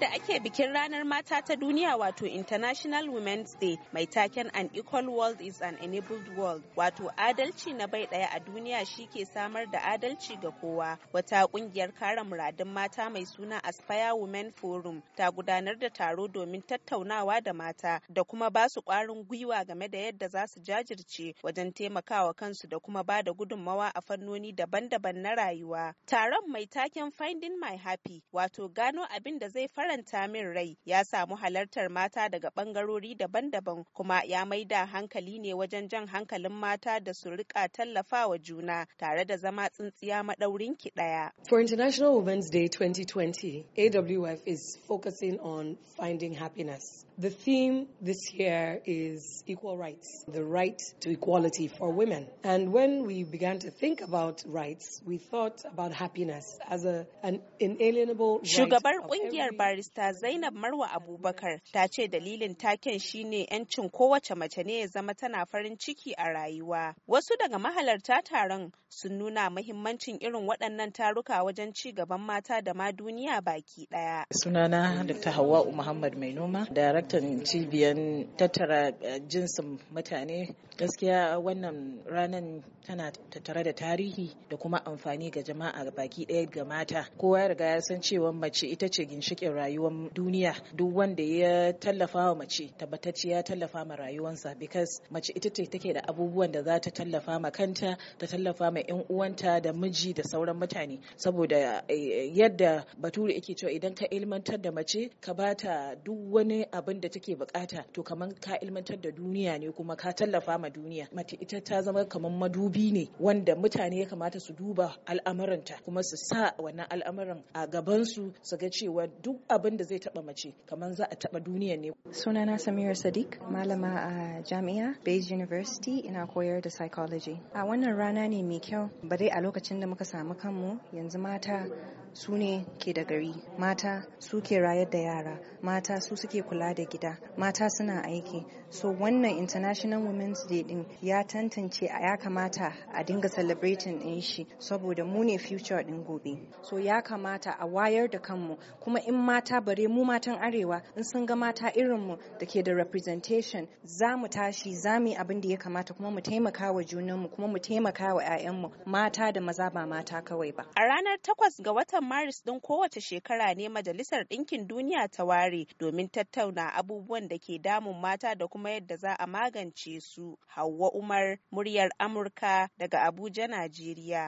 yayin da ake bikin ranar mata ta duniya wato International Women's Day mai taken An Equal World is an Enabled World wato adalci na bai daya a duniya shi ke samar da adalci ga kowa wata kungiyar kare muradun mata mai suna Aspire Women Forum ta gudanar da taro domin tattaunawa da mata da kuma ba su kwarin gwiwa game da yadda za su jajirce wajen taimakawa kansu da kuma ba da gudunmawa a fannoni daban-daban na rayuwa. Taron mai taken Finding My Happy wato gano abin da zai fara faranta min rai ya samu halartar mata daga bangarori daban-daban kuma ya maida hankali ne wajen jan hankalin mata da su rika tallafawa juna tare da zama tsintsiya maɗaurin ki ɗaya. For International Women's Day 2020, AWF is focusing on finding happiness. The theme this year is equal rights, the right to equality for women. And when we began to think about rights, we thought about happiness as a, an inalienable right. Shugabar kungiyar barista Zainab Marwa Abubakar ta ce dalilin taken shine 'yancin kowace mace ne ya zama tana farin ciki a rayuwa. Wasu daga mahalarta taron sun nuna muhimmancin irin waɗannan taruka wajen ci gaban mata da ma duniya baki ɗaya. Sunana Dr. Hawwa'u Muhammad Mai Noma, daraktan cibiyar tattara eh, jinsin mutane. Gaskiya wannan ranar tana tattare da tarihi da kuma amfani ga jama'a baki ɗaya ga mata. Kowa ya riga ya san cewa mace ita ce ginshiƙin rayuwa. rayuwar duniya duk wanda ya tallafa wa mace tabbatacce ya tallafa ma rayuwarsa because mace ita ce take da abubuwan da za ta tallafa ma kanta ta tallafa ma yan uwanta da miji da sauran mutane saboda eh, yadda bature yake cewa idan ka ilmantar da mace ka bata duk wani abin da take bukata to kamar ka ilmantar da duniya ne kuma ka tallafa ma duniya mace ita ta zama kamar madubi ne wanda mutane ya kamata su duba al'amuranta kuma su sa wannan al'amuran a gabansu su ga cewa duk abin da zai taba mace kamar za a taba duniya ne sunana samira sadiq malama a jami'a Bayes university ina koyar da psychology a wannan rana ne mai kyau Ba dai a lokacin da muka samu kanmu yanzu mata su ne ke da gari mata su ke rayar da yara mata su suke kula da gida mata suna aiki so wannan international women's day din ya tantance a ya kamata a dinga celebrating din shi saboda mu ne future din gobe so ya kamata a wayar da kanmu kuma in mata bare mu matan arewa in sun ga mata irinmu da ke da representation za mu tashi za mu yi abin da ya kamata kuma mu taimaka wa junanmu kuma mu taimaka wa 'ya'yanmu mata da maza ba mata kawai ba a ranar takwas ga watan Maris ɗin kowace shekara ne Majalisar Ɗinkin Duniya ta ware domin tattauna abubuwan da ke damun mata da kuma yadda za a magance su. Hauwa Umar, muryar Amurka daga Abuja, Najeriya.